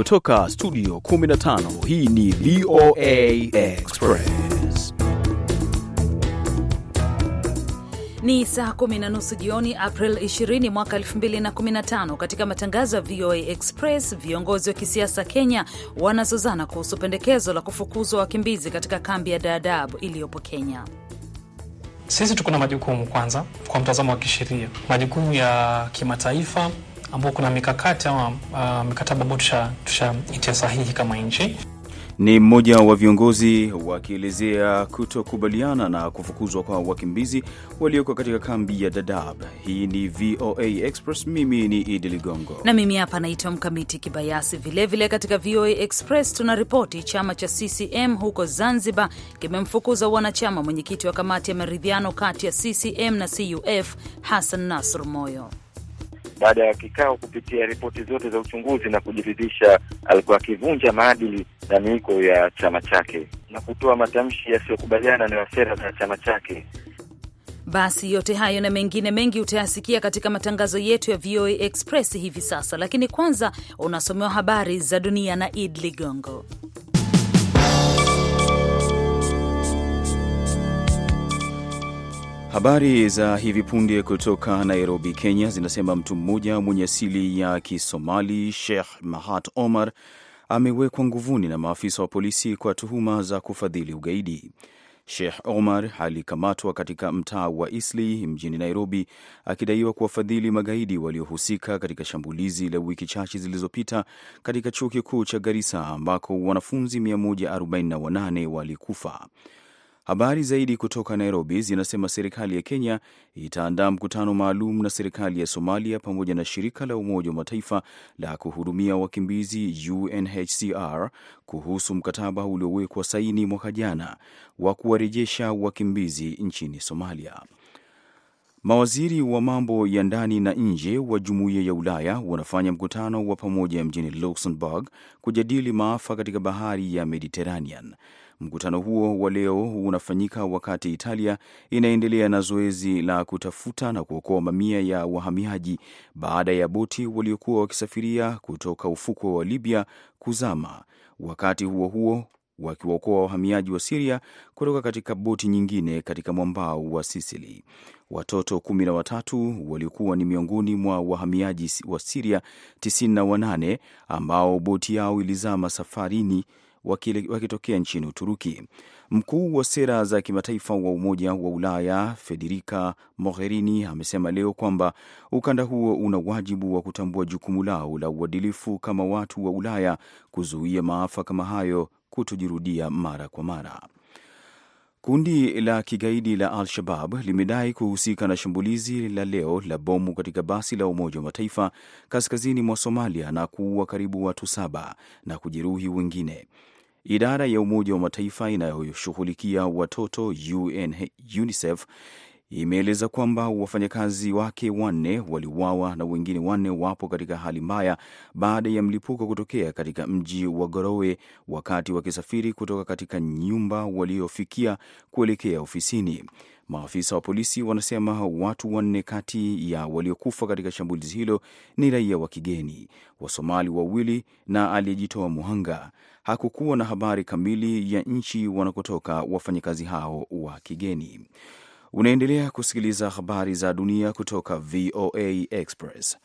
Kutoka studio 15 hii ni VOA Express. Ni saa kumi na nusu jioni April 20 mwaka 2015. Katika matangazo ya VOA Express, viongozi wa kisiasa Kenya wanazozana kuhusu pendekezo la kufukuzwa wakimbizi katika kambi ya Dadaab iliyopo Kenya. Sisi tuko na majukumu kwanza, kwa mtazamo wa kisheria, majukumu ya kimataifa ambao kuna mikakati ama uh, mikataba ambayo tushaitia sahihi kama nchi. Ni mmoja wa viongozi wakielezea kutokubaliana na kufukuzwa kwa wakimbizi walioko katika kambi ya Dadaab. Hii ni VOA Express, mimi ni Idi Ligongo na mimi hapa naitwa Mkamiti Kibayasi. Vilevile katika VOA Express tuna ripoti, chama cha CCM huko Zanzibar kimemfukuza wanachama mwenyekiti wa kamati ya maridhiano kati ya CCM na CUF Hassan Nasr Moyo baada ya kikao kupitia ripoti zote za uchunguzi na kujiridhisha alikuwa akivunja maadili na miiko ya chama chake na kutoa matamshi yasiyokubaliana na sera za chama chake. Basi yote hayo na mengine mengi utayasikia katika matangazo yetu ya VOA Express hivi sasa, lakini kwanza unasomewa habari za dunia na Id Ligongo. Habari za hivi punde kutoka Nairobi, Kenya zinasema mtu mmoja mwenye asili ya Kisomali, Sheikh Mahat Omar, amewekwa nguvuni na maafisa wa polisi kwa tuhuma za kufadhili ugaidi. Sheikh Omar alikamatwa katika mtaa wa Isli mjini Nairobi akidaiwa kuwafadhili magaidi waliohusika katika shambulizi la wiki chache zilizopita katika chuo kikuu cha Garissa ambako wanafunzi 148 walikufa. Habari zaidi kutoka Nairobi zinasema serikali ya Kenya itaandaa mkutano maalum na serikali ya Somalia pamoja na shirika la Umoja wa Mataifa la kuhudumia wakimbizi UNHCR kuhusu mkataba uliowekwa saini mwaka jana wa kuwarejesha wakimbizi nchini Somalia. Mawaziri wa mambo ya ndani na nje wa jumuiya ya Ulaya wanafanya mkutano wa pamoja mjini Luxembourg kujadili maafa katika bahari ya Mediterranean. Mkutano huo wa leo unafanyika wakati Italia inaendelea na zoezi la kutafuta na kuokoa mamia ya wahamiaji baada ya boti waliokuwa wakisafiria kutoka ufukwe wa Libya kuzama. Wakati huo huo wakiwaokoa wahamiaji wa Siria kutoka katika boti nyingine katika mwambao wa Sisili. Watoto kumi na watatu waliokuwa ni miongoni mwa wahamiaji wa Siria tisini na wanane ambao boti yao ilizama safarini wakitokea nchini Uturuki. Mkuu wa sera za kimataifa wa Umoja wa Ulaya Federica Mogherini amesema leo kwamba ukanda huo una wajibu wa kutambua jukumu lao la uadilifu kama watu wa Ulaya kuzuia maafa kama hayo kutojirudia mara kwa mara. Kundi la kigaidi la Al-Shabab limedai kuhusika na shambulizi la leo la bomu katika basi la Umoja wa Mataifa kaskazini mwa Somalia na kuua karibu watu saba na kujeruhi wengine. Idara ya Umoja wa Mataifa inayoshughulikia watoto UN, UNICEF imeeleza kwamba wafanyakazi wake wanne waliuawa na wengine wanne wapo katika hali mbaya baada ya mlipuko kutokea katika mji wa Gorowe wakati wakisafiri kutoka katika nyumba waliofikia kuelekea ofisini. Maafisa wa polisi wanasema watu wanne kati ya waliokufa katika shambulizi hilo ni raia wa kigeni, Wasomali wawili na aliyejitoa muhanga. Hakukuwa na habari kamili ya nchi wanakotoka wafanyakazi hao wa kigeni. Unaendelea kusikiliza habari za dunia kutoka VOA Express.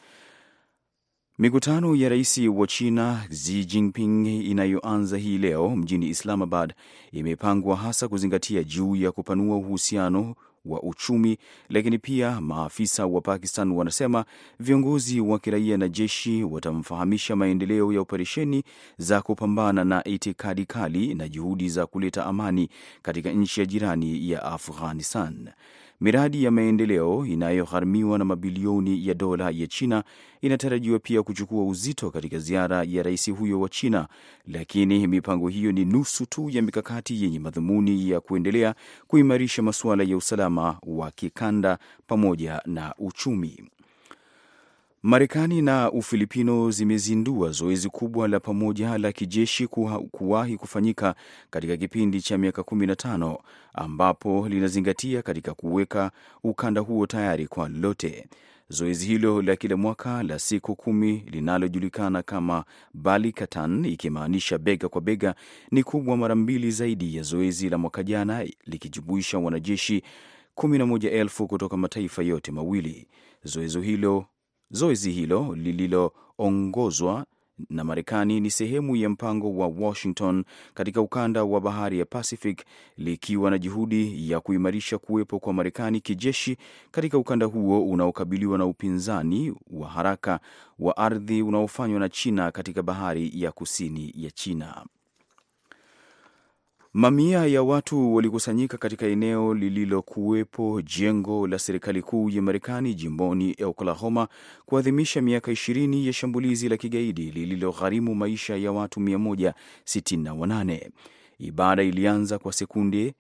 Mikutano ya rais wa China Xi Jinping inayoanza hii leo mjini Islamabad imepangwa hasa kuzingatia juu ya kupanua uhusiano wa uchumi, lakini pia maafisa wa Pakistan wanasema viongozi wa kiraia na jeshi watamfahamisha maendeleo ya operesheni za kupambana na itikadi kali na juhudi za kuleta amani katika nchi ya jirani ya Afghanistan. Miradi ya maendeleo inayogharamiwa na mabilioni ya dola ya China inatarajiwa pia kuchukua uzito katika ziara ya rais huyo wa China, lakini mipango hiyo ni nusu tu ya mikakati yenye madhumuni ya kuendelea kuimarisha masuala ya usalama wa kikanda pamoja na uchumi. Marekani na Ufilipino zimezindua zoezi kubwa la pamoja la kijeshi kuwahi kufanyika katika kipindi cha miaka 15 ambapo linazingatia katika kuweka ukanda huo tayari kwa lolote. Zoezi hilo la kila mwaka la siku kumi linalojulikana kama Balikatan, ikimaanisha bega kwa bega, ni kubwa mara mbili zaidi ya zoezi la mwaka jana likijumuisha wanajeshi 11,000 kutoka mataifa yote mawili. Zoezi hilo Zoezi hilo lililoongozwa na Marekani ni sehemu ya mpango wa Washington katika ukanda wa bahari ya Pacific, likiwa na juhudi ya kuimarisha kuwepo kwa Marekani kijeshi katika ukanda huo unaokabiliwa na upinzani wa haraka wa ardhi unaofanywa na China katika bahari ya kusini ya China. Mamia ya watu walikusanyika katika eneo lililokuwepo jengo la serikali kuu ya Marekani jimboni Oklahoma kuadhimisha miaka ishirini ya shambulizi la kigaidi lililogharimu maisha ya watu 168. Ibada ilianza kwa sekunde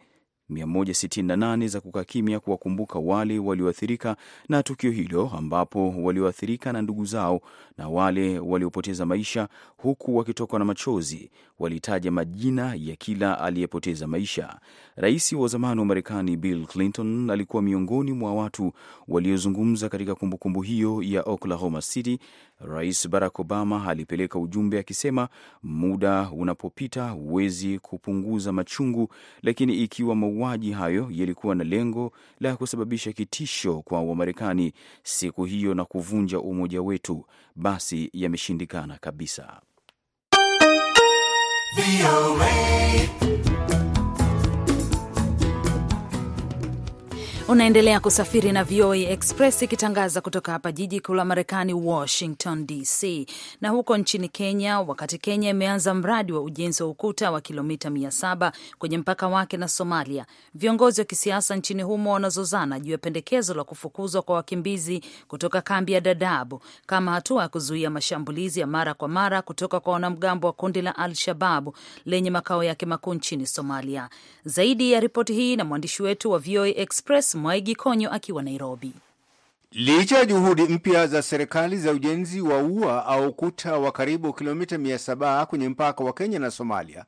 168 za kukaa kimya kuwakumbuka wale walioathirika na tukio hilo, ambapo walioathirika na ndugu zao na wale waliopoteza maisha, huku wakitokwa na machozi, walitaja majina ya kila aliyepoteza maisha. Rais wa zamani wa Marekani Bill Clinton alikuwa miongoni mwa watu waliozungumza katika kumbukumbu hiyo ya Oklahoma City Rais Barack Obama alipeleka ujumbe akisema, muda unapopita huwezi kupunguza machungu, lakini ikiwa mauaji hayo yalikuwa na lengo la kusababisha kitisho kwa Wamarekani siku hiyo na kuvunja umoja wetu, basi yameshindikana kabisa. Unaendelea kusafiri na VOA Express ikitangaza kutoka hapa jiji kuu la Marekani, Washington DC. Na huko nchini Kenya, wakati Kenya imeanza mradi wa ujenzi wa ukuta wa kilomita 7 kwenye mpaka wake na Somalia, viongozi wa kisiasa nchini humo wanazozana juu ya pendekezo la kufukuzwa kwa wakimbizi kutoka kambi ya dadabu kama hatua ya kuzuia mashambulizi ya mara kwa mara kutoka kwa wanamgambo wa kundi la Al-Shababu lenye makao yake makuu nchini Somalia. Zaidi ya ripoti hii na mwandishi wetu wa VOA Express Asmai Gikonyo akiwa Nairobi. Licha ya juhudi mpya za serikali za ujenzi wa ua au kuta wa karibu kilomita 700 kwenye mpaka wa Kenya na Somalia,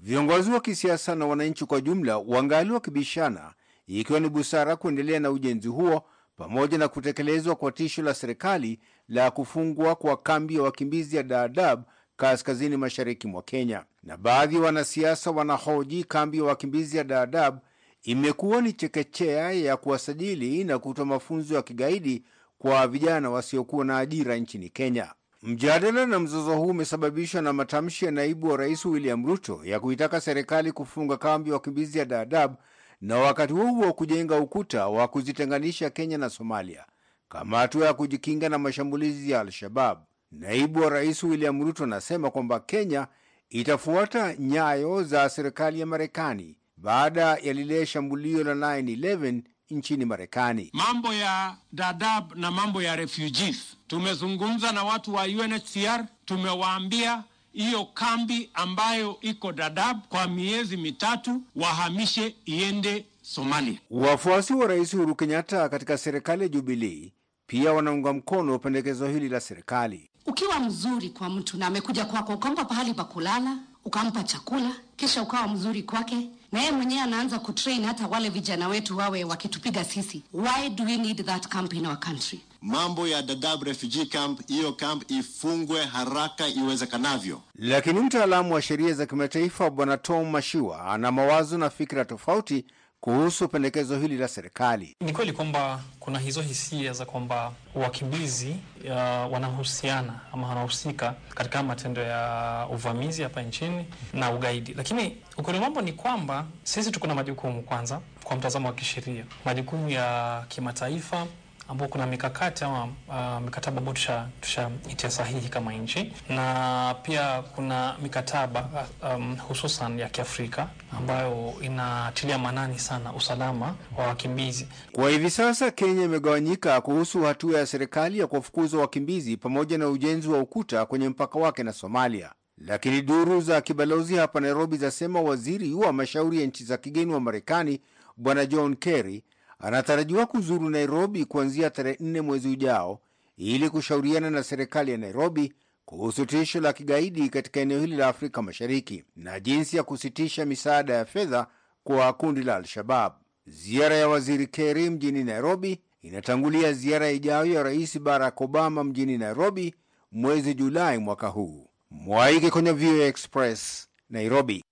viongozi wa kisiasa na wananchi kwa jumla wangali wakibishana ikiwa ni busara kuendelea na ujenzi huo pamoja na kutekelezwa kwa tisho la serikali la kufungwa kwa kambi ya wakimbizi ya Dadaab kaskazini mashariki mwa Kenya. Na baadhi ya wanasiasa wanahoji kambi ya wakimbizi ya Dadaab imekuwa ni chekechea ya kuwasajili na kutoa mafunzo ya kigaidi kwa vijana wasiokuwa na ajira nchini Kenya. Mjadala na mzozo huu umesababishwa na matamshi ya naibu wa rais William Ruto ya kuitaka serikali kufunga kambi ya wakimbizi ya Dadaab na wakati huo huo kujenga ukuta wa kuzitenganisha Kenya na Somalia kama hatua ya kujikinga na mashambulizi ya Al-Shabab. Naibu wa rais William Ruto anasema kwamba Kenya itafuata nyayo za serikali ya Marekani baada ya lile shambulio la 911 nchini Marekani. Mambo ya Dadaab na mambo ya refugees, tumezungumza na watu wa UNHCR, tumewaambia hiyo kambi ambayo iko Dadaab kwa miezi mitatu wahamishe iende Somalia. Wafuasi wa Rais Uhuru Kenyatta katika serikali ya Jubilee pia wanaunga mkono pendekezo hili la serikali. Ukiwa mzuri kwa mtu na amekuja kwako, ukampa pahali pa kulala ukampa chakula, kisha ukawa mzuri kwake, na yeye mwenyewe anaanza kutrain hata wale vijana wetu wawe wakitupiga sisi. Why do we need that camp in our country? Mambo ya dadab refugee camp, hiyo camp ifungwe haraka iwezekanavyo. Lakini mtaalamu wa sheria za kimataifa Bwana Tom Mashiwa ana mawazo na fikra tofauti kuhusu pendekezo hili la serikali. Ni kweli kwamba kuna hizo hisia za kwamba wakimbizi uh, wanahusiana ama wanahusika katika matendo ya uvamizi hapa nchini na ugaidi, lakini ukweli mambo ni kwamba sisi tuko na majukumu kwanza, kwa mtazamo wa kisheria, majukumu ya kimataifa ambao kuna mikakati ama uh, mikataba ambayo tushaitia sahihi kama nchi, na pia kuna mikataba uh, um, hususan ya Kiafrika ambayo inatilia maanani sana usalama wa wakimbizi. Kwa hivi sasa Kenya imegawanyika kuhusu hatua ya serikali ya kuwafukuza wakimbizi pamoja na ujenzi wa ukuta kwenye mpaka wake na Somalia. Lakini duru za kibalozi hapa Nairobi zasema waziri wa mashauri ya nchi za kigeni wa Marekani Bwana John Kerry anatarajiwa kuzuru Nairobi kuanzia tarehe nne mwezi ujao ili kushauriana na serikali ya Nairobi kuhusu tisho la kigaidi katika eneo hili la Afrika Mashariki na jinsi ya kusitisha misaada ya fedha kwa kundi la Al-Shabab. Ziara ya Waziri Kerry mjini Nairobi inatangulia ziara ijayo ya Rais Barack Obama mjini Nairobi mwezi Julai mwaka huu. Mwaike kwenye VOA Express, Nairobi.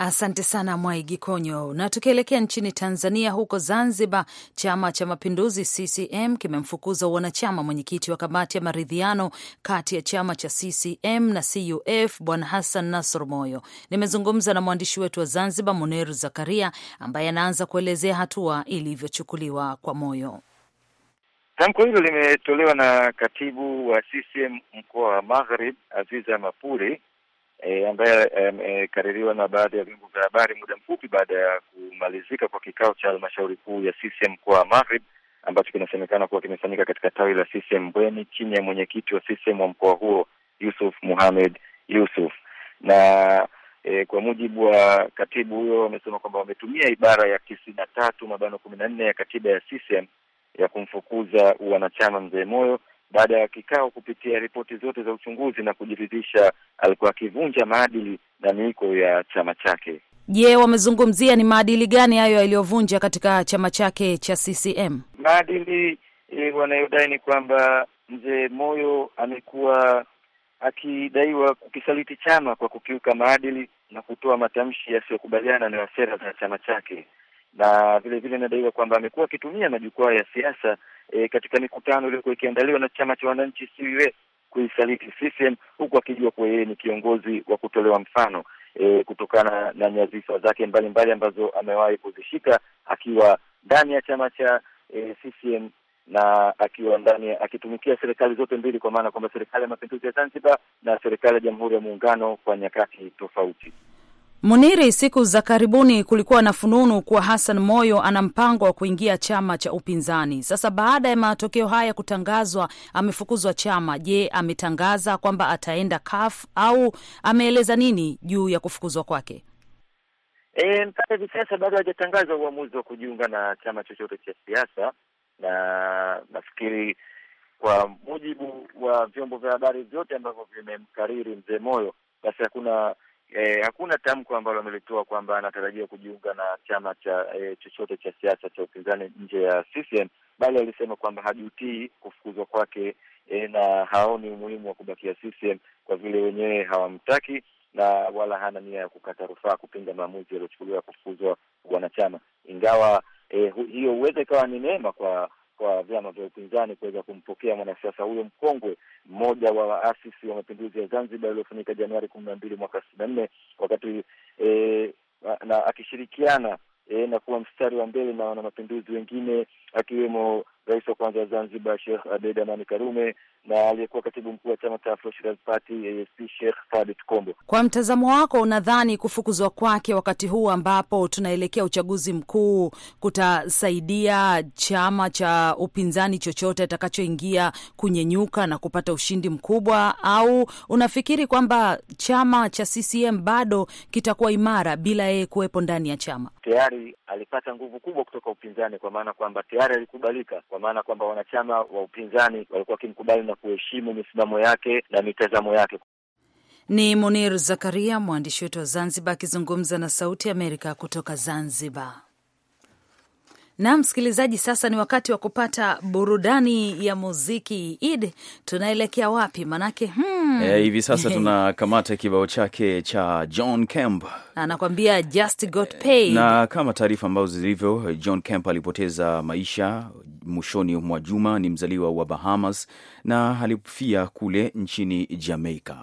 Asante sana Mwai Gikonyo. Na tukielekea nchini Tanzania, huko Zanzibar, Chama cha Mapinduzi CCM kimemfukuza wanachama mwenyekiti wa kamati ya maridhiano kati ya chama cha CCM na CUF Bwana Hassan Nasor Moyo. Nimezungumza na mwandishi wetu wa Zanzibar Muneru Zakaria ambaye anaanza kuelezea hatua ilivyochukuliwa kwa Moyo. Tamko hilo limetolewa na katibu wa CCM mkoa wa Magharib Aziza Mapuri e, ambaye amekaririwa na baadhi ya vyombo vya habari muda mfupi baada ya kumalizika kwa kikao cha halmashauri kuu ya CCM kwa wa ambacho kinasemekana kuwa kimefanyika katika tawi la CCM Bweni chini ya mwenyekiti wa CCM wa mkoa huo Yusuf Muhamed Yusuf na E, kwa mujibu wa katibu huyo wamesema kwamba wametumia ibara ya tisini na tatu mabano kumi na nne ya katiba ya CCM ya kumfukuza wanachama Mzee Moyo baada ya kikao kupitia ripoti zote za uchunguzi na kujiridhisha alikuwa akivunja maadili na miiko ya chama chake. Je, wamezungumzia ni maadili gani hayo yaliyovunja katika chama chake cha CCM? Maadili e, wanayodai ni kwamba mzee Moyo amekuwa akidaiwa kukisaliti chama kwa kukiuka maadili na kutoa matamshi yasiyokubaliana na sera za chama chake na vile vile inadaiwa kwamba amekuwa akitumia majukwaa ya siasa e, katika mikutano iliyokuwa ikiandaliwa na chama cha wananchi CUF kuisaliti CCM huku akijua kuwa yeye ni kiongozi wa kutolewa mfano e, kutokana na nyadhifa zake mbalimbali ambazo amewahi kuzishika akiwa ndani ya chama cha e, eh, CCM na akiwa ndani akitumikia serikali zote mbili, kwa maana kwamba serikali ya mapinduzi ya Zanzibar na serikali ya Jamhuri ya Muungano kwa nyakati tofauti. Muniri, siku za karibuni kulikuwa na fununu kuwa Hassan Moyo ana mpango wa kuingia chama cha upinzani. Sasa baada ya matokeo haya kutangazwa, amefukuzwa chama. Je, ametangaza kwamba ataenda CUF au ameeleza nini juu ya kufukuzwa kwake? E, mpaka hivi sasa bado hajatangaza uamuzi wa kujiunga na chama chochote cha siasa, na nafikiri kwa mujibu wa vyombo vya habari vyote ambavyo vimemkariri mzee Moyo, basi hakuna eh, hakuna tamko ambalo amelitoa kwamba anatarajia kujiunga na chama cha eh, chochote cha siasa cha upinzani nje ya CCM, bali alisema kwamba hajutii kufukuzwa kwake eh, na haoni umuhimu wa kubakia CCM kwa vile wenyewe hawamtaki na wala hana nia ya kukata rufaa kupinga maamuzi yaliyochukuliwa ya kufukuzwa wanachama, ingawa eh, hiyo huweza ikawa ni neema kwa kwa vyama vya upinzani kuweza kumpokea mwanasiasa huyo mkongwe, mmoja wa waasisi wa mapinduzi ya Zanzibar yaliyofanyika Januari kumi na mbili mwaka sitini na nne wakati e, na akishirikiana e, na kuwa mstari wa mbele na wanamapinduzi wengine akiwemo rais wa kwanza wa Zanzibar Sheikh Abeid Amani Karume na aliyekuwa katibu mkuu wa chama cha Afro Shirazi Party Sheikh Kombo. Kwa mtazamo wako, unadhani kufukuzwa kwake wakati huu ambapo tunaelekea uchaguzi mkuu kutasaidia chama cha upinzani chochote atakachoingia kunyenyuka na kupata ushindi mkubwa, au unafikiri kwamba chama cha CCM bado kitakuwa imara bila yeye kuwepo ndani ya chama? Tayari alipata nguvu kubwa kutoka upinzani, kwa maana kwamba tayari alikubalika kwa kwa maana kwamba wanachama wa upinzani walikuwa wakimkubali na kuheshimu misimamo yake na mitazamo yake. Ni Munir Zakaria, mwandishi wetu wa Zanzibar, akizungumza na Sauti ya Amerika kutoka Zanzibar. Na msikilizaji, sasa ni wakati wa kupata burudani ya muziki. Id, tunaelekea wapi? Manake hmm. E, hivi sasa tunakamata kibao chake cha John Kemp anakwambia just got paid. Na kama taarifa ambazo zilivyo, John Kemp alipoteza maisha mwishoni mwa juma. Ni mzaliwa wa Bahamas na alifia kule nchini Jamaica.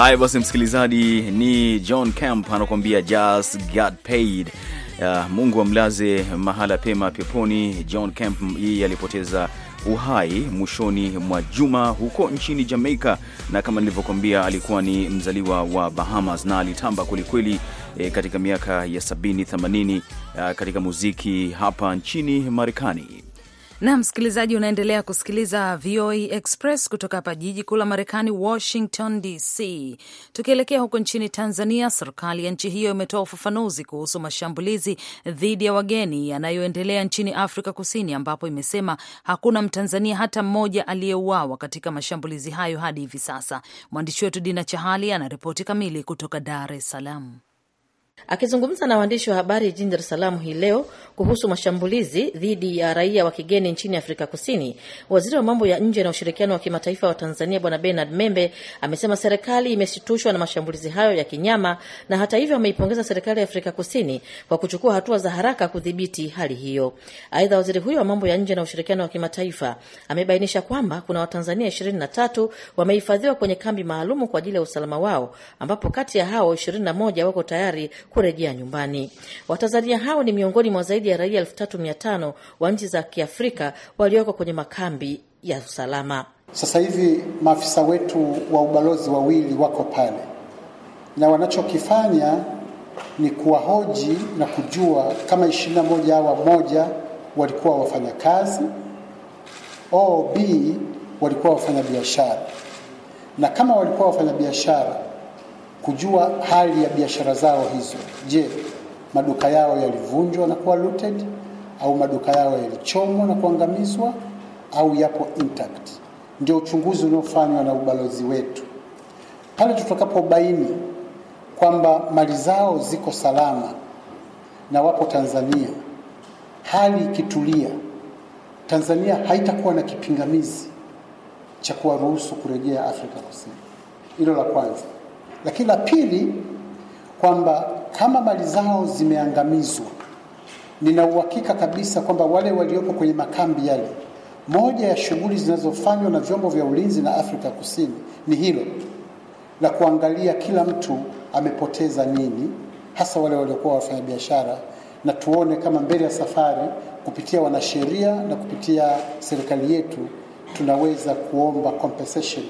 Haya basi, msikilizaji, ni John Camp anakuambia just got paid. Uh, Mungu amlaze mahala pema peponi. John Camp yeye alipoteza uhai mwishoni mwa juma huko nchini Jamaica, na kama nilivyokuambia alikuwa ni mzaliwa wa Bahamas na alitamba kwelikweli e, eh, katika miaka ya sabini themanini, uh, katika muziki hapa nchini Marekani na msikilizaji, unaendelea kusikiliza VOA Express kutoka hapa jiji kuu la Marekani, Washington DC. Tukielekea huko nchini Tanzania, serikali ya nchi hiyo imetoa ufafanuzi kuhusu mashambulizi dhidi ya wageni yanayoendelea nchini Afrika Kusini, ambapo imesema hakuna Mtanzania hata mmoja aliyeuawa katika mashambulizi hayo hadi hivi sasa. Mwandishi wetu Dina Chahali anaripoti kamili kutoka Dar es Salaam. Akizungumza na waandishi wa habari jijini Dar es Salaam hii leo kuhusu mashambulizi dhidi ya raia wa kigeni nchini Afrika Kusini, waziri wa mambo ya nje na ushirikiano wa kimataifa wa Tanzania Bwana Bernard Membe amesema serikali imeshitushwa na mashambulizi hayo ya kinyama, na hata hivyo ameipongeza serikali ya Afrika Kusini kwa kuchukua hatua za haraka kudhibiti hali hiyo. Aidha, waziri huyo wa mambo ya nje na ushirikiano wa kimataifa amebainisha kwamba kuna Watanzania ishirini na tatu wamehifadhiwa kwenye kambi maalumu kwa ajili ya usalama wao, ambapo kati ya hao ishirini na moja wako tayari kurejea nyumbani. Watanzania hao ni miongoni mwa zaidi ya raia elfu tatu mia tano wa nchi za Kiafrika walioko kwenye makambi ya usalama. Sasa hivi maafisa wetu wa ubalozi wawili wako pale na wanachokifanya ni kuwahoji na kujua kama ishirini na moja hawa moja walikuwa wafanyakazi au b walikuwa wafanyabiashara, na kama walikuwa wafanyabiashara kujua hali ya biashara zao hizo. Je, maduka yao yalivunjwa na kuwa looted au maduka yao yalichomwa na kuangamizwa au yapo intact? Ndio uchunguzi unaofanywa na ubalozi wetu. Pale tutakapobaini kwamba mali zao ziko salama na wapo Tanzania, hali ikitulia, Tanzania haitakuwa na kipingamizi cha kuwaruhusu kurejea Afrika Kusini. Hilo la kwanza. Lakini la pili kwamba kama mali zao zimeangamizwa, nina uhakika kabisa kwamba wale waliopo kwenye makambi yale, moja ya shughuli zinazofanywa na vyombo vya ulinzi na Afrika Kusini ni hilo la kuangalia kila mtu amepoteza nini, hasa wale waliokuwa wafanyabiashara, na tuone kama mbele ya safari kupitia wanasheria na kupitia serikali yetu tunaweza kuomba compensation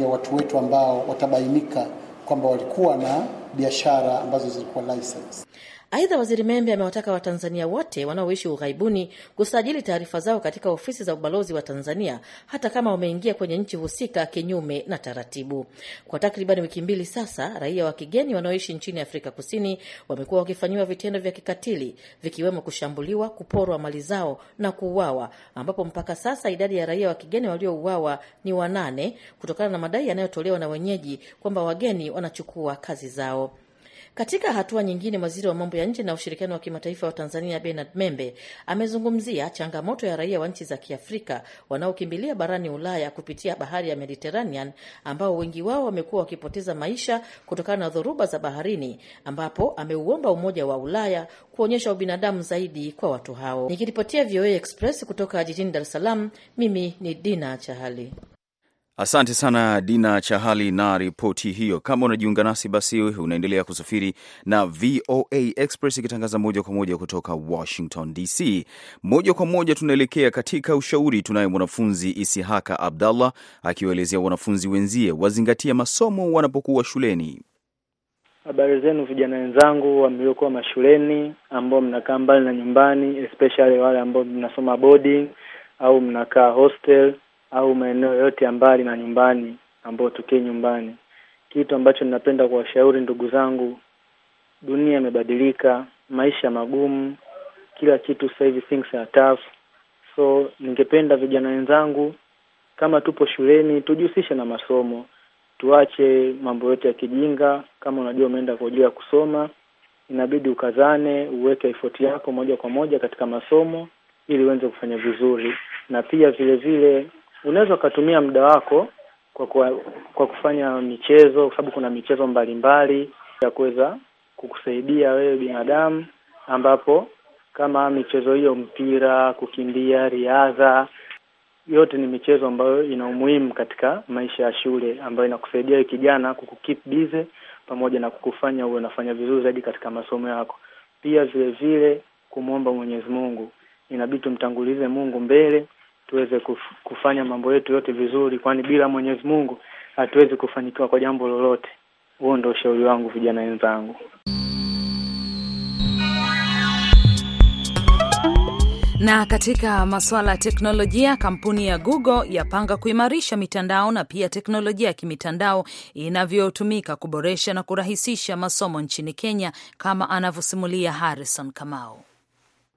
ya watu wetu ambao watabainika kwamba walikuwa na biashara ambazo zilikuwa license. Aidha, Waziri Membe amewataka Watanzania wote wanaoishi ughaibuni kusajili taarifa zao katika ofisi za ubalozi wa Tanzania hata kama wameingia kwenye nchi husika kinyume na taratibu. Kwa takriban wiki mbili sasa, raia wa kigeni wanaoishi nchini Afrika Kusini wamekuwa wakifanyiwa vitendo vya kikatili vikiwemo kushambuliwa, kuporwa mali zao na kuuawa, ambapo mpaka sasa idadi ya raia wa kigeni waliouawa ni wanane kutokana na madai yanayotolewa na wenyeji kwamba wageni wanachukua kazi zao. Katika hatua nyingine, waziri wa mambo ya nje na ushirikiano wa kimataifa wa Tanzania Bernard Membe amezungumzia changamoto ya raia wa nchi za Kiafrika wanaokimbilia barani Ulaya kupitia bahari ya Mediterranean, ambao wengi wao wamekuwa wakipoteza maisha kutokana na dhoruba za baharini, ambapo ameuomba Umoja wa Ulaya kuonyesha ubinadamu zaidi kwa watu hao. Nikiripotia VOA Express kutoka jijini Dar es Salaam, mimi ni Dina Chahali. Asante sana Dina Chahali na ripoti hiyo. Kama unajiunga nasi, basi unaendelea kusafiri na VOA Express ikitangaza moja kwa moja kutoka Washington DC. Moja kwa moja tunaelekea katika ushauri. Tunaye mwanafunzi Isihaka Abdallah akiwaelezea wanafunzi wenzie wazingatie masomo wanapokuwa shuleni. Habari zenu vijana wenzangu mliokuwa mashuleni, ambao mnakaa mbali na nyumbani, especially wale ambao mnasoma boarding au mnakaa hostel au maeneo yote ya mbali na nyumbani ambayo tukie nyumbani. Kitu ambacho ninapenda kuwashauri ndugu zangu, dunia imebadilika, maisha magumu, kila kitu sasa hivi things are tough. So ningependa vijana wenzangu, kama tupo shuleni, tujihusishe na masomo, tuache mambo yote ya kijinga. Kama unajua umeenda kwa ajili ya kusoma, inabidi ukazane, uweke effort yako moja kwa moja katika masomo ili uweze kufanya vizuri, na pia vile vile unaweza ukatumia muda wako kwa, kwa, kwa kufanya michezo, kwa sababu kuna michezo mbalimbali ya kuweza kukusaidia wewe binadamu, ambapo kama michezo hiyo mpira, kukimbia, riadha, yote ni michezo ambayo ina umuhimu katika maisha ya shule, ambayo inakusaidia kijana kukukeep busy pamoja na kukufanya uwe unafanya vizuri zaidi katika masomo yako. Pia vile vile kumwomba Mwenyezi Mungu, inabidi tumtangulize Mungu mbele tuweze kufanya mambo yetu yote vizuri, kwani bila Mwenyezi Mungu hatuwezi kufanikiwa kwa jambo lolote. Huo ndio ushauri wangu vijana wenzangu. Na katika masuala ya teknolojia, kampuni ya Google yapanga kuimarisha mitandao na pia teknolojia ya kimitandao inavyotumika kuboresha na kurahisisha masomo nchini Kenya, kama anavyosimulia Harrison Kamau.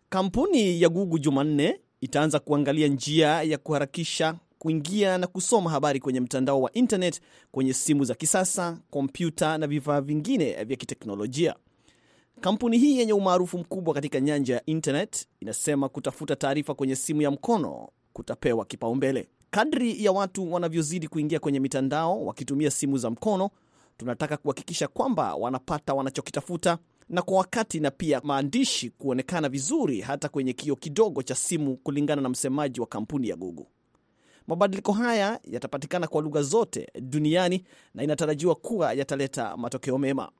Kampuni ya Google Jumanne itaanza kuangalia njia ya kuharakisha kuingia na kusoma habari kwenye mtandao wa internet kwenye simu za kisasa, kompyuta na vifaa vingine vya kiteknolojia. Kampuni hii yenye umaarufu mkubwa katika nyanja ya internet inasema kutafuta taarifa kwenye simu ya mkono kutapewa kipaumbele. Kadri ya watu wanavyozidi kuingia kwenye mitandao wakitumia simu za mkono, tunataka kuhakikisha kwamba wanapata wanachokitafuta na kwa wakati na pia maandishi kuonekana vizuri hata kwenye kio kidogo cha simu, kulingana na msemaji wa kampuni ya Google. Mabadiliko haya yatapatikana kwa lugha zote duniani na inatarajiwa kuwa yataleta matokeo mema.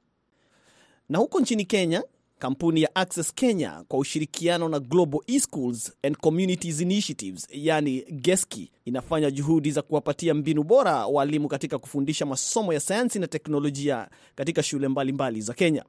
Na huko nchini Kenya, kampuni ya Access Kenya kwa ushirikiano na Global eSchools and Communities Initiatives, yani geski inafanya juhudi za kuwapatia mbinu bora waalimu katika kufundisha masomo ya sayansi na teknolojia katika shule mbalimbali mbali za Kenya.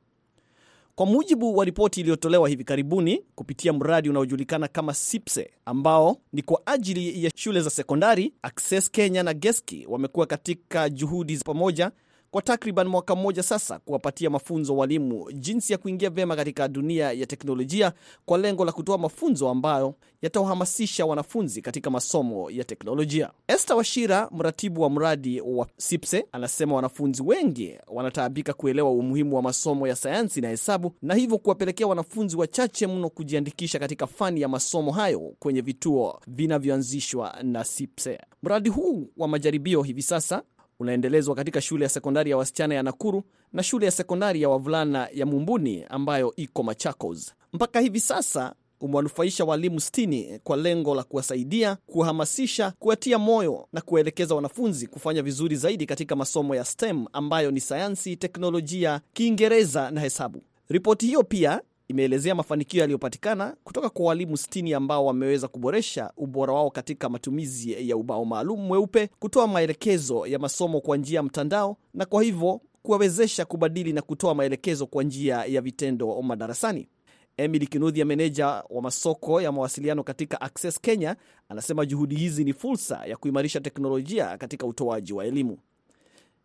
Kwa mujibu wa ripoti iliyotolewa hivi karibuni kupitia mradi unaojulikana kama SIPSE ambao ni kwa ajili ya shule za sekondari, Access Kenya na Geski wamekuwa katika juhudi za pamoja kwa takriban mwaka mmoja sasa kuwapatia mafunzo walimu jinsi ya kuingia vyema katika dunia ya teknolojia kwa lengo la kutoa mafunzo ambayo yatawahamasisha wanafunzi katika masomo ya teknolojia. este Washira, mratibu wa mradi wa SIPSE, anasema wanafunzi wengi wanataabika kuelewa umuhimu wa masomo ya sayansi na hesabu na hivyo kuwapelekea wanafunzi wachache mno kujiandikisha katika fani ya masomo hayo kwenye vituo vinavyoanzishwa na SIPSE. Mradi huu wa majaribio hivi sasa unaendelezwa katika shule ya sekondari ya wasichana ya Nakuru na shule ya sekondari ya wavulana ya Mumbuni ambayo iko Machakos. Mpaka hivi sasa umewanufaisha walimu 60 kwa lengo la kuwasaidia, kuwahamasisha, kuwatia moyo na kuwaelekeza wanafunzi kufanya vizuri zaidi katika masomo ya STEM ambayo ni sayansi, teknolojia, Kiingereza na hesabu. Ripoti hiyo pia imeelezea mafanikio yaliyopatikana kutoka kwa walimu 60 ambao wameweza kuboresha ubora wao katika matumizi ya ubao maalum mweupe, kutoa maelekezo ya masomo kwa njia ya mtandao na kwa hivyo kuwawezesha kubadili na kutoa maelekezo kwa njia ya vitendo madarasani. Emily ya meneja wa masoko ya mawasiliano katika Access Kenya, anasema juhudi hizi ni fursa ya kuimarisha teknolojia katika utoaji wa elimu.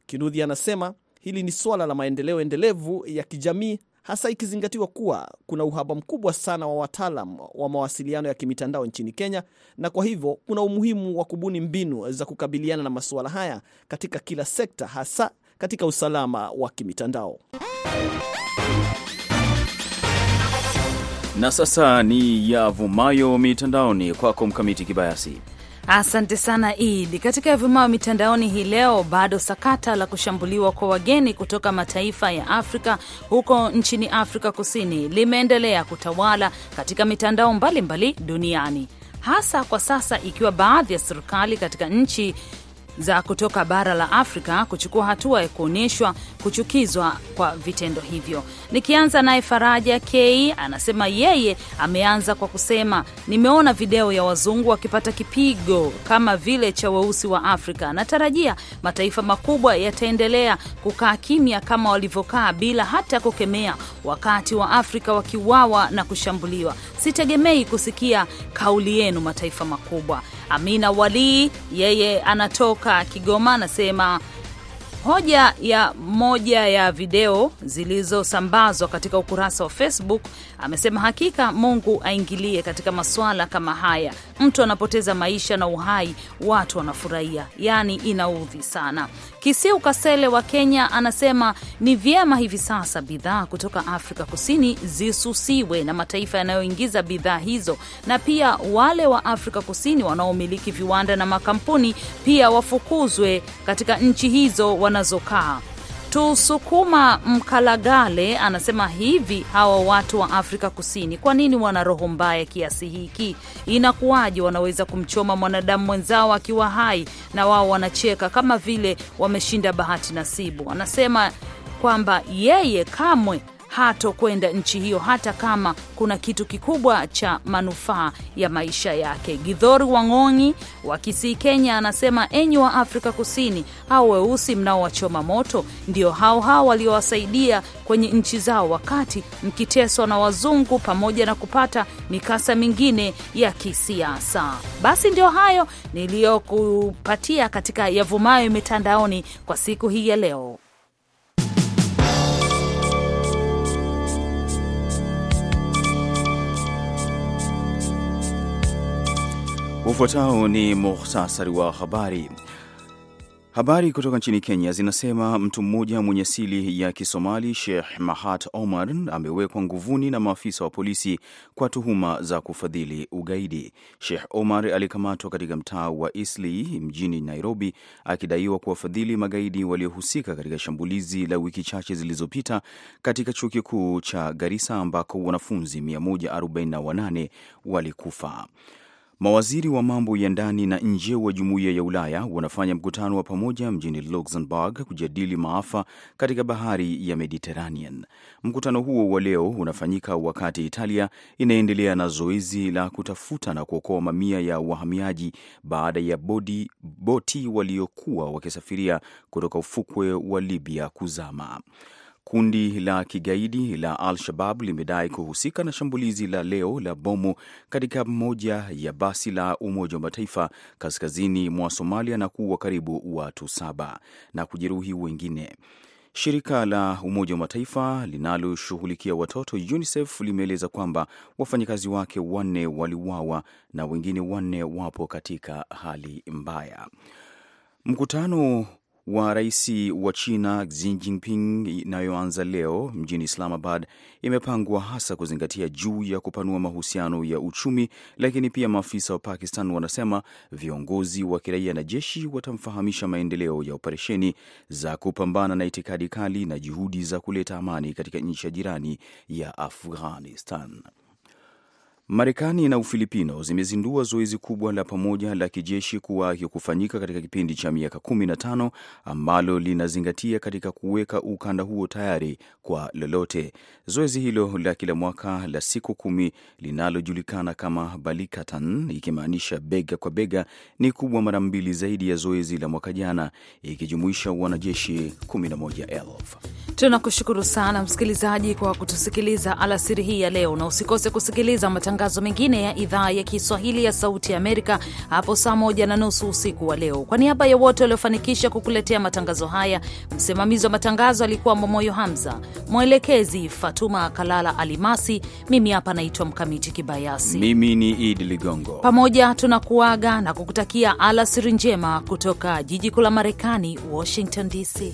Kinuthia anasema hili ni suala la maendeleo endelevu ya kijamii hasa ikizingatiwa kuwa kuna uhaba mkubwa sana wa wataalam wa mawasiliano ya kimitandao nchini Kenya, na kwa hivyo kuna umuhimu wa kubuni mbinu za kukabiliana na masuala haya katika kila sekta, hasa katika usalama wa kimitandao. Na sasa ni yavumayo mitandaoni, kwako Mkamiti Kibayasi. Asante sana Idi. Katika yavumao mitandaoni hii leo, bado sakata la kushambuliwa kwa wageni kutoka mataifa ya Afrika huko nchini Afrika Kusini limeendelea kutawala katika mitandao mbalimbali mbali duniani hasa kwa sasa ikiwa baadhi ya serikali katika nchi za kutoka bara la Afrika kuchukua hatua ya kuonyeshwa kuchukizwa kwa vitendo hivyo. Nikianza naye Faraja K anasema yeye ameanza kwa kusema, nimeona video ya wazungu wakipata kipigo kama vile cha weusi wa Afrika. Natarajia mataifa makubwa yataendelea kukaa kimya kama walivyokaa bila hata kukemea wakati wa Afrika wakiuawa na kushambuliwa. Sitegemei kusikia kauli yenu mataifa makubwa. Amina Walii yeye anatoka kutoka Kigoma anasema Hoja ya moja ya video zilizosambazwa katika ukurasa wa Facebook amesema hakika Mungu aingilie katika masuala kama haya. Mtu anapoteza maisha na uhai, watu wanafurahia, yaani inaudhi sana. Kisiu Kasele wa Kenya anasema ni vyema hivi sasa bidhaa kutoka Afrika Kusini zisusiwe na mataifa yanayoingiza bidhaa hizo, na pia wale wa Afrika Kusini wanaomiliki viwanda na makampuni pia wafukuzwe katika nchi hizo wana wanazokaa. Tusukuma Mkalagale anasema hivi, hawa watu wa Afrika Kusini kwa nini wana roho mbaya kiasi hiki? Inakuwaje wanaweza kumchoma mwanadamu mwenzao akiwa hai na wao wanacheka kama vile wameshinda bahati nasibu? Anasema kwamba yeye kamwe hato kwenda nchi hiyo hata kama kuna kitu kikubwa cha manufaa ya maisha yake. Gidhori Wang'ong'i wa Kisii, Kenya, anasema enyi wa Afrika Kusini, hao weusi mnaowachoma moto ndio hao hao waliowasaidia kwenye nchi zao wakati mkiteswa na wazungu, pamoja na kupata mikasa mingine ya kisiasa. Basi ndio hayo niliyokupatia katika yavumayo mitandaoni kwa siku hii ya leo. Ufuatao ni muhtasari wa habari. Habari kutoka nchini Kenya zinasema mtu mmoja mwenye asili ya Kisomali, Sheikh Mahat Omar, amewekwa nguvuni na maafisa wa polisi kwa tuhuma za kufadhili ugaidi. Sheikh Omar alikamatwa katika mtaa wa Eastleigh mjini Nairobi, akidaiwa kuwafadhili magaidi waliohusika katika shambulizi la wiki chache zilizopita katika chuo kikuu cha Garissa ambako wanafunzi 148 walikufa. Mawaziri wa mambo ya ndani na nje wa jumuiya ya Ulaya wanafanya mkutano wa pamoja mjini Luxembourg kujadili maafa katika bahari ya Mediterranean. Mkutano huo wa leo unafanyika wakati Italia inaendelea na zoezi la kutafuta na kuokoa mamia ya wahamiaji baada ya bodi, boti waliokuwa wakisafiria kutoka ufukwe wa Libya kuzama. Kundi la kigaidi la Al-Shabab limedai kuhusika na shambulizi la leo la bomu katika moja ya basi la Umoja wa Mataifa kaskazini mwa Somalia na kuua karibu watu saba na kujeruhi wengine. Shirika la Umoja wa Mataifa linaloshughulikia watoto UNICEF limeeleza kwamba wafanyakazi wake wanne waliuawa na wengine wanne wapo katika hali mbaya. Mkutano wa rais wa China Xi Jinping inayoanza leo mjini Islamabad imepangwa hasa kuzingatia juu ya kupanua mahusiano ya uchumi, lakini pia maafisa wa Pakistan wanasema viongozi wa kiraia na jeshi watamfahamisha maendeleo ya operesheni za kupambana na itikadi kali na juhudi za kuleta amani katika nchi ya jirani ya Afghanistan. Marekani na Ufilipino zimezindua zoezi kubwa la pamoja la kijeshi kuwahi kufanyika katika kipindi cha miaka 15 ambalo linazingatia katika kuweka ukanda huo tayari kwa lolote. Zoezi hilo la kila mwaka la siku kumi linalojulikana kama Balikatan, ikimaanisha bega kwa bega, ni kubwa mara mbili zaidi ya zoezi la mwaka jana, ikijumuisha wanajeshi 11,000. Tunakushukuru sana msikilizaji kwa kutusikiliza alasiri hii ya leo, na usikose kusikiliza matangazo mengine ya idhaa ya Kiswahili ya Sauti Amerika hapo saa moja na nusu usiku wa leo. Kwa niaba ya wote waliofanikisha kukuletea matangazo haya, msimamizi wa matangazo alikuwa Momoyo Hamza, mwelekezi Fatuma Kalala Alimasi, mimi hapa naitwa Mkamiti Kibayasi, mimi ni Idi Ligongo. Pamoja tunakuaga na kukutakia alasiri njema kutoka jiji kuu la Marekani, Washington DC.